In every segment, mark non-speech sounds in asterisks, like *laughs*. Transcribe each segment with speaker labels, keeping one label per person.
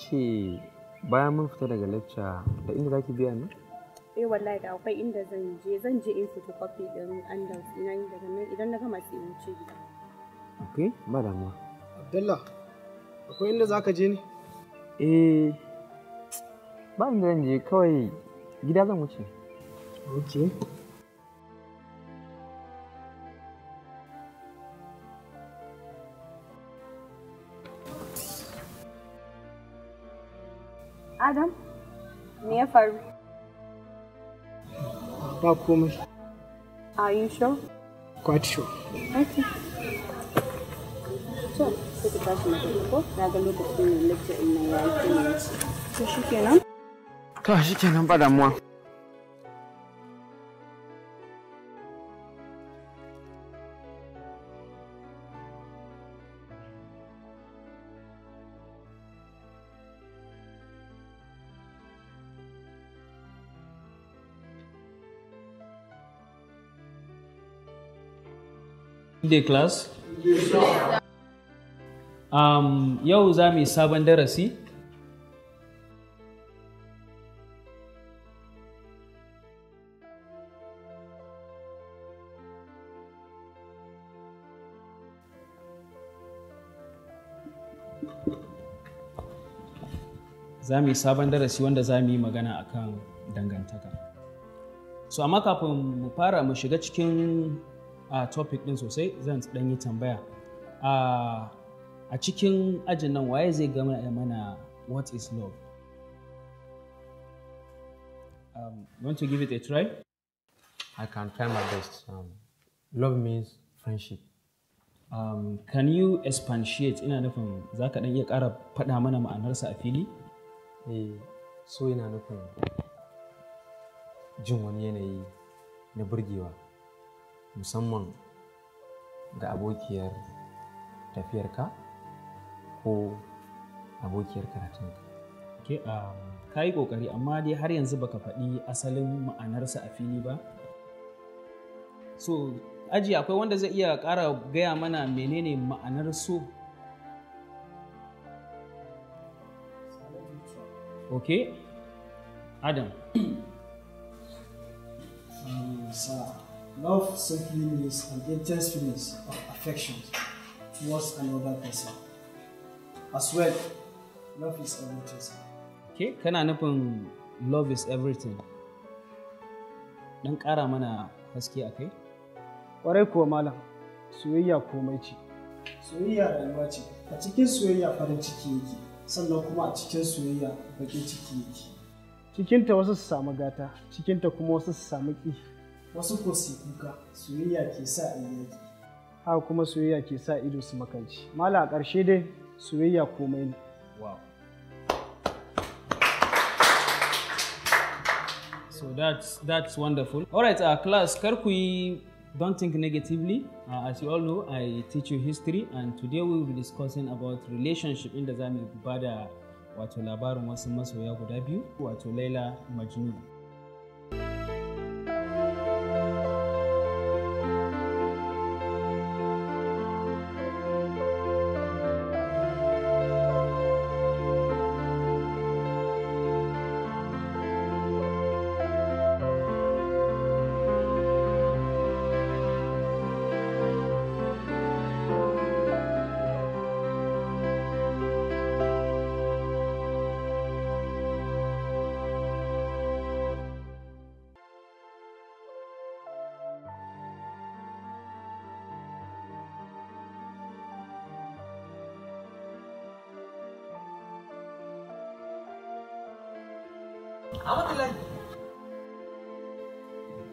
Speaker 1: ce bayan mun fita daga lecture da inda zaki biya ni?
Speaker 2: Eh wallahi da akwai inda zan je zan je in fito kofi din Andals ina ni daga nan idan na gama sai in ce gida.
Speaker 1: Okay,
Speaker 3: ba damuwa. Abdullah, akwai inda zaka je ne? Eh ba inda zan je kawai gida zan wuce. Okay.
Speaker 2: Adam? Me ya faru? Ba komai. Are you sure? Quite sure. Okay. So, sai ka tashi mata ko na ga lokacin lecture na nan ya yi. To shikenan?
Speaker 1: To shikenan ba damuwa. Day class? Um, yau za mu yi sabon darasi? Za mu yi sabon darasi wanda za mu yi magana akan dangantaka. So, amma kafin mu fara mu shiga cikin a topic din sosai zan dan yi tambaya a cikin ajin nan waye zai gama mana what is love um, want to give it a try i can try my best um, love means friendship um, can you expatiate ina nufin za ka dan iya ƙara faɗa mana ma'anarsa a fili eh, so ina nufin jin wani yanayi na burgewa musamman ga abokiyar tafiyarka ko abokiyar karatunka. Ke um, ka yi ƙoƙari amma dai har yanzu baka faɗi asalin ma'anarsa a fili ba. So, aji akwai wanda zai iya ƙara gaya mana menene ma'anar so ok adam um,
Speaker 3: so. Love simply means an intense feeling of affection towards another person. As well, love is everything.
Speaker 1: can kana nufin love is everything. Dan kara mana haske a kai?
Speaker 3: Ƙwarai kuwa malam, soyayya komai ce. Soyayya rayuwa ce, a cikin soyayya farin ciki yake, sannan kuma a cikin soyayya bakin ciki yake. Cikinta wasu su samu gata, cikinta kuma wasu su samu ƙi. wasu ko su kuka soyayya ke sa ido yaki kuma soyayya ke sa ido su makanci mala a ƙarshe dai soyayya komai ne
Speaker 4: wow
Speaker 1: so that's that's wonderful all right uh, class kar ku yi don't think negatively uh, as you all know i teach you history and today we will be discussing about relationship inda za mu bada wato labarin wasu masoya guda biyu wato laila majnun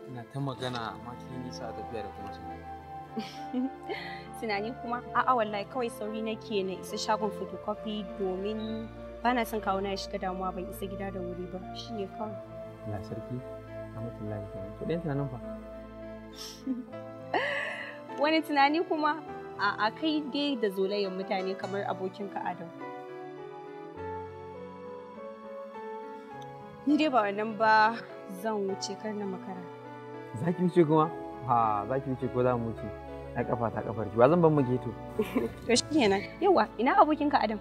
Speaker 1: Ina ta magana
Speaker 2: *laughs* tunani. kuma a'a wallahi kawai sauri nake na isa shagon photocopy domin na son kawo na shiga damuwa ban isa gida da wuri ba shine kawai. *laughs* Wani tunani kuma a kai dai da zolayen mutane kamar abokinka Adam. Ni dai ba wannan ba zan wuce kar na makara.
Speaker 1: Za ki wuce kuma? Ha, za ki wuce ko za mu wuce? Na kafa ta kafar ki. Ba zan ban mu geto.
Speaker 2: *laughs* To kenan, Yawa, ina abokinka Adam?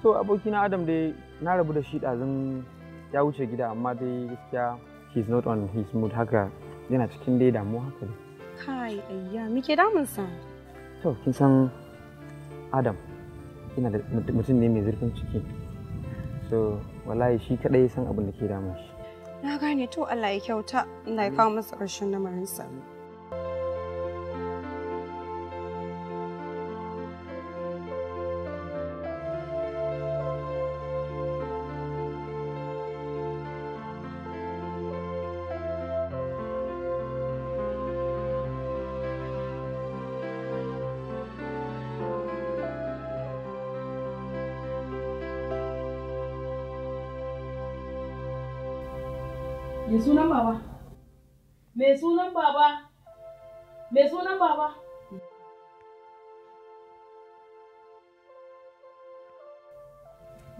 Speaker 1: To abokina Adam dai na rabu da shi ɗazun ya wuce gida amma dai gaskiya he's not on his mood haka yana cikin dai damuwa haka dai.
Speaker 2: Kai ayya muke damun sa.
Speaker 1: To kin san Adam ina da mutum ne mai zurfin ciki. so wallahi shi kadai san abin da ke damun shi
Speaker 2: na gane to Allah ya kyauta Allah ya kawo masa ƙarshen lamarinsa
Speaker 4: baba? Me sunan baba? Me sunan baba?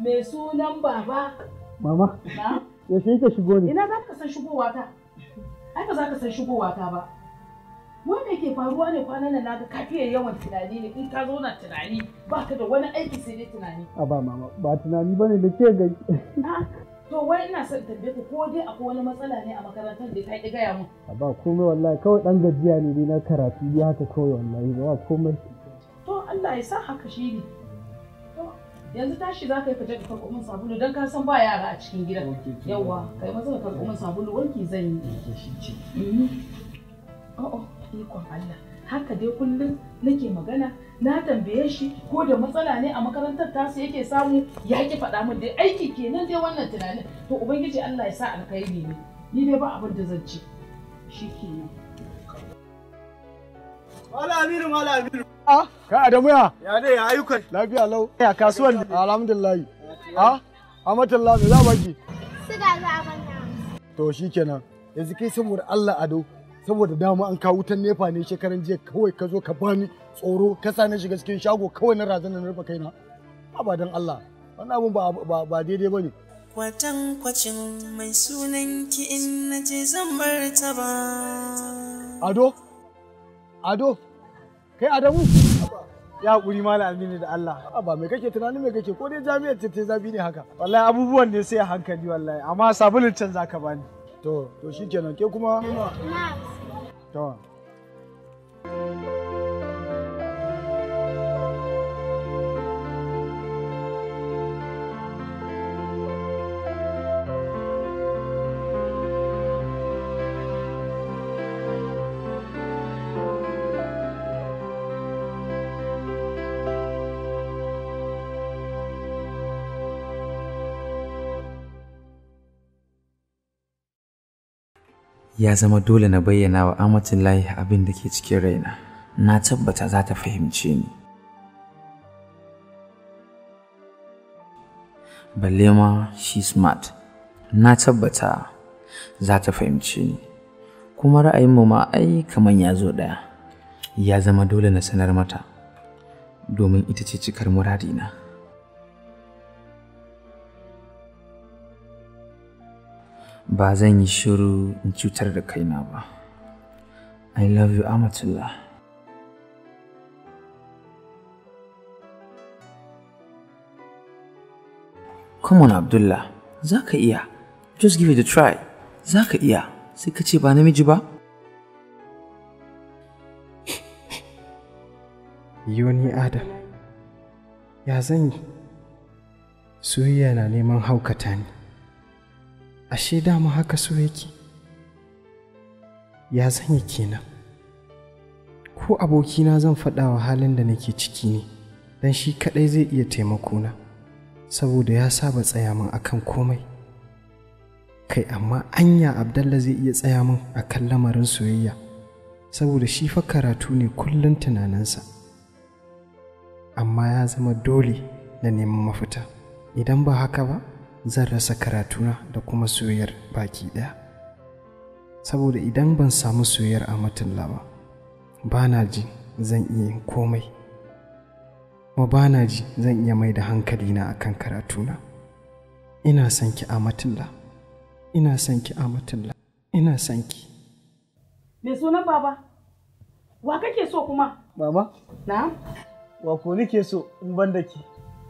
Speaker 4: Me sunan baba?
Speaker 3: Mama, yaushe ka shigo ne? Ina
Speaker 4: za ka san shigowa ta? Ai ba za ka san shigowa ta ba. Wani yake faruwa ne kwanan nan naga ka fiye yawan tunani ne in ka zo na tunani ba ka da wani aiki sai dai tunani. A ba
Speaker 3: mama, ba tunani bane da ke gani.
Speaker 4: Ah, To wai ina son tambaye ku ko dai akwai wani matsala ne a makarantar da ta ki gaya mun.
Speaker 3: Ba komai wallahi kawai dan gajiya ne ni na karatu ya haka kawai wallahi ba komai.
Speaker 4: To Allah ya sa haka shi ne. yanzu tashi za ka yi fita da karɓo min sabulu don ka san ba yara a cikin gidan yawa kai maza ka karɓo min sabulu wanki zan yi. A'a mhm. oh, oh, ikon Allah. haka dai kullum nake magana na tambaye shi ko da matsala ne a makarantar tasu yake samu ya ki faɗa min dai aiki kenan dai wannan tunanin to ubangiji Allah ya sa alkhairi ne ni dai ba abin da zan ci shi kenan
Speaker 3: Wala Amiru, wala Amiru. Ah, ka Adamu ya? Ya dai ya ayyukan. Lafiya lau. Ya kasuwan ne? Alhamdulillah. Ah, Amatullah me za baki?
Speaker 5: Suga za a na.
Speaker 3: To kenan. Yanzu kai saboda Allah ado, saboda dama an kawo wutan nefa ne shekaran jiya kawai ka zo ka bani tsoro ka sa na shiga cikin shago kawai na razana na rufe kaina abadan Allah wannan abun ba ba daidai bane
Speaker 5: kwatan kwacin mai sunan ki in naje zan bar ta ba ado ado
Speaker 3: kai adamu ya hakuri mala amini da Allah ba mai kake tunanin mai kake ko dai jami'ar ce ta zabi ne haka wallahi abubuwan ne sai a hankali wallahi amma sabulin can zaka bani to to shikenan ke kuma Go on.
Speaker 1: ya zama dole na bayyana wa layi abin da ke cikin raina. Na tabbata za ta fahimce ni. Balle ma shi smart. Na tabbata za ta fahimce ni. Kuma ra'ayinmu ma ai kaman ya zo ɗaya. Ya zama dole na sanar mata. Domin ita ce cikar muradina. ba zan yi shiru in cutar da kaina ba. I love you, Amatullah. Come on, Abdullah, za ka iya. Just give it a try. Za ka iya, sai ka ce ba namiji ba?
Speaker 3: Yoni Adam, ya zan yi? Soyayya na neman haukata ne. ashe dama haka so yake ya sanya kenan ko abokina zan faɗa wa halin da nake ciki ne don shi kaɗai zai iya taimakona saboda ya saba tsaya min akan komai kai amma anya abdalla zai iya tsaya min akan lamarin soyayya saboda shi fa karatu ne kullum tunaninsa amma ya zama dole na neman mafita idan ba haka ba zan rasa karatuna da kuma soyayyar baki ɗaya saboda idan ban samu soyayyar a matalla ba ba na ji zan iya yin komai kuma ba na ji zan iya mai da hankalina a kan karatuna ina son ki a matalla ina son ki a matalla ina son ki
Speaker 4: me sunan baba wa kake so kuma baba na
Speaker 3: wa ko ke so in ban da ki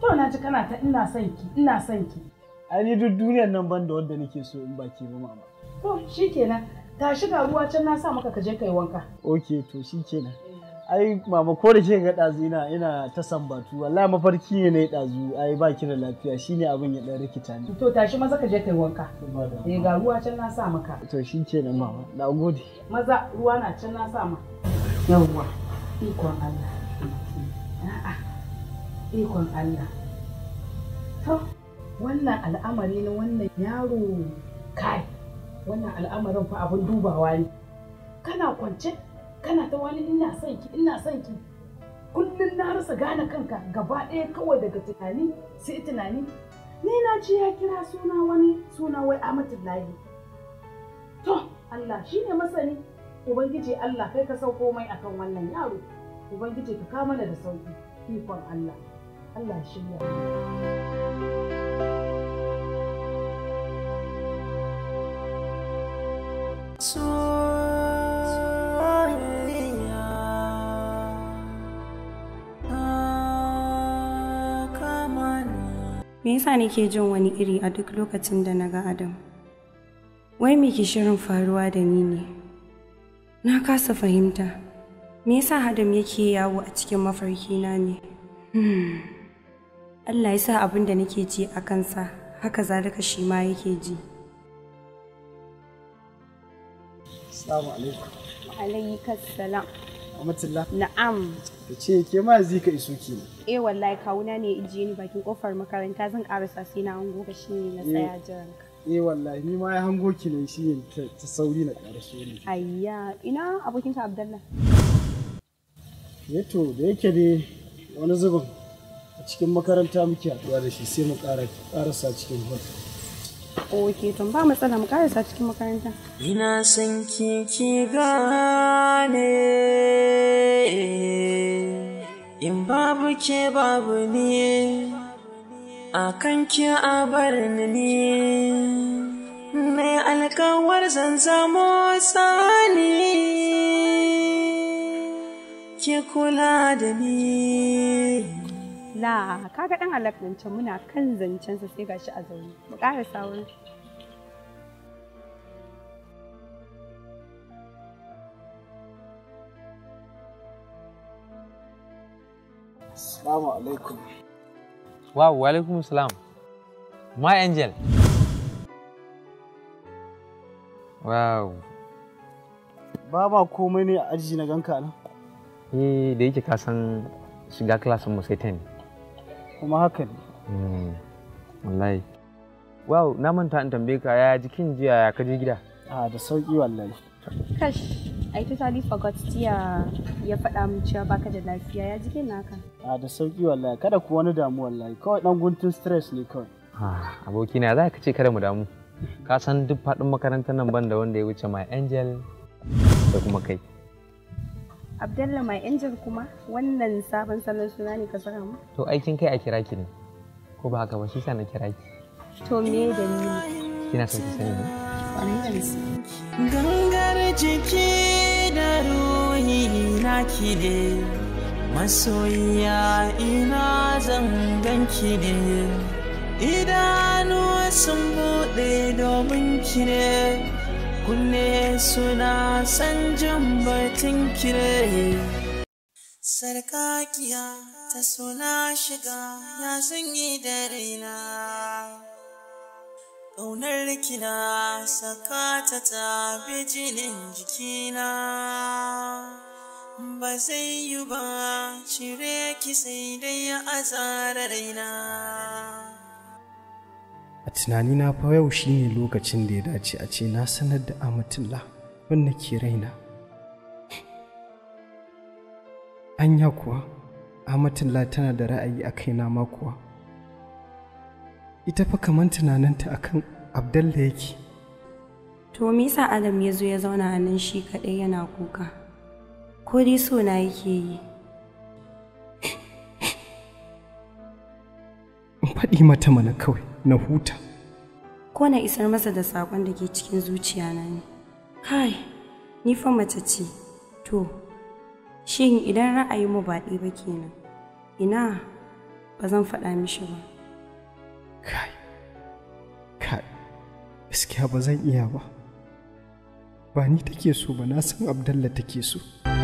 Speaker 4: to na ji kana ta ina son ki ina son ki ai ni duk duniyar nan ban da wanda nake so in baki ba mama to shi kenan, tashi shi ruwa can na sa maka ka je kai wanka Ok to shi kenan,
Speaker 3: ai mama ko da ke ga ɗazu ina ina ta sambatu wallahi mafarki ne na ɗazu ai ba ki da lafiya shine abin ya ɗan rikita ni
Speaker 4: to tashi maza ka je kai wanka
Speaker 3: eh ga ruwa can na sa maka to shi kenan mama na gode
Speaker 4: maza ruwa na can na sa ma yawwa ikon Allah a'a ikon Allah to wannan al'amari na wannan yaro kai wannan al'amarin fa abin dubawa ne kana kwance kana ta wani ina son ki ina son ki kullum na rasa gane kanka gaba ɗaya kawai daga tunani sai tunani ni na ji ya kira suna wani suna wai amatin layi to Allah shi ne masani ubangiji Allah kai ka san komai akan wannan yaro ubangiji ka kama da sauki ikon Allah Allah shirya
Speaker 5: Me
Speaker 2: yasa nake jin wani iri a duk lokacin da na ga Adam? Wai me ke shirin faruwa da ni ne? Na kasa fahimta. Me yasa Adam yake yawo a cikin mafarki na ne? Hmm. Allah ya sa abin da nake ji a kansa, haka zalika shi ma yake ji. Assalamu alaikum. Alaikum salam. Amatullah. Na'am.
Speaker 3: Ka ce ke ma zika iso ki ne.
Speaker 2: Eh wallahi kawuna ne ijiye ni bakin kofar makaranta zan karasa sai na hango ka shine na eh. tsaya jiran ka.
Speaker 3: eh wallahi ni ma ya hango ki ne shi ne ta sauri na ƙarshe ne
Speaker 2: ayya ina abokin ka abdallah
Speaker 3: yato eh da yake ne wani zubin a cikin makaranta muke haɗuwa da shi
Speaker 5: sai mu ƙarasa cikin hotel
Speaker 2: Oke, tun ba matsala mu karasa cikin makaranta.
Speaker 5: Ina son ki ki
Speaker 2: gane
Speaker 5: in babu ke babu ne a kan ki a bar ni ne alkawar zan zamo tsani ki kula da ni.
Speaker 2: la kaga dan alak din muna kan zancen sa sai gashi a zaune mu ƙara sawun
Speaker 3: Assalamu alaikum.
Speaker 1: Wow, wa alaikum salam. My angel.
Speaker 5: Wow.
Speaker 3: Ba ma komai ne a aji na ganka nan.
Speaker 1: Eh, da yake ka san shiga klasin mu sai 10. kuma haka ne hmm, wallahi wow na manta in tambaye ka ya jikin jiya ya kaje gida a da sauki wallahi
Speaker 2: kash i totally forgot tiya ya faɗa min cewa baka da lafiya ya jikin naka a da
Speaker 3: sauki wallahi kada ku wani damu wallahi kawai dan guntun stress
Speaker 1: ne kawai abokina za ka ce kada mu damu ka san duk faɗin makarantar nan ban da wanda ya wuce my angel da kuma kai
Speaker 2: Abdullahi mai injin kuma wannan sabon salon suna ne ka saka mu?
Speaker 1: To aikin kai a kira ki ne. Ko ba haka ba shi sa na kira ki.
Speaker 2: To me da ni?
Speaker 1: Kina so ki sani
Speaker 2: ne?
Speaker 5: Gangar jiki da ruhi na ki ne. Masoyiya ina zan ki ne. Idanu sun buɗe domin ki ne. kunne suna san jin batun kire sarkakiya ta suna shiga ya yi da raina ƙaunar kina sakata ta bi jinin jikina ba zai yi ba cire ki sai dai a tsara raina
Speaker 3: a tunani na fa yau shine lokacin da ya dace a ce na sanar da amatullah wanda ke raina anya kuwa amatullah tana da ra'ayi a kaina ma kuwa ita fa kamar tunaninta akan abdalla yake
Speaker 2: to me yasa adam ya zo ya zauna a nan shi kaɗai yana kuka ko dai so na yake yi
Speaker 4: faɗi
Speaker 3: mata mana kawai na huta
Speaker 2: ko na isar masa da saƙon da ke cikin zuciya na ne kai ni fa mace ce to shin idan ra'ayinmu ba baɗi ba kenan ina ba zan faɗa mishi ba
Speaker 3: kai kai gaskiya ba zan iya ba ba ni take so ba na san abdalla take so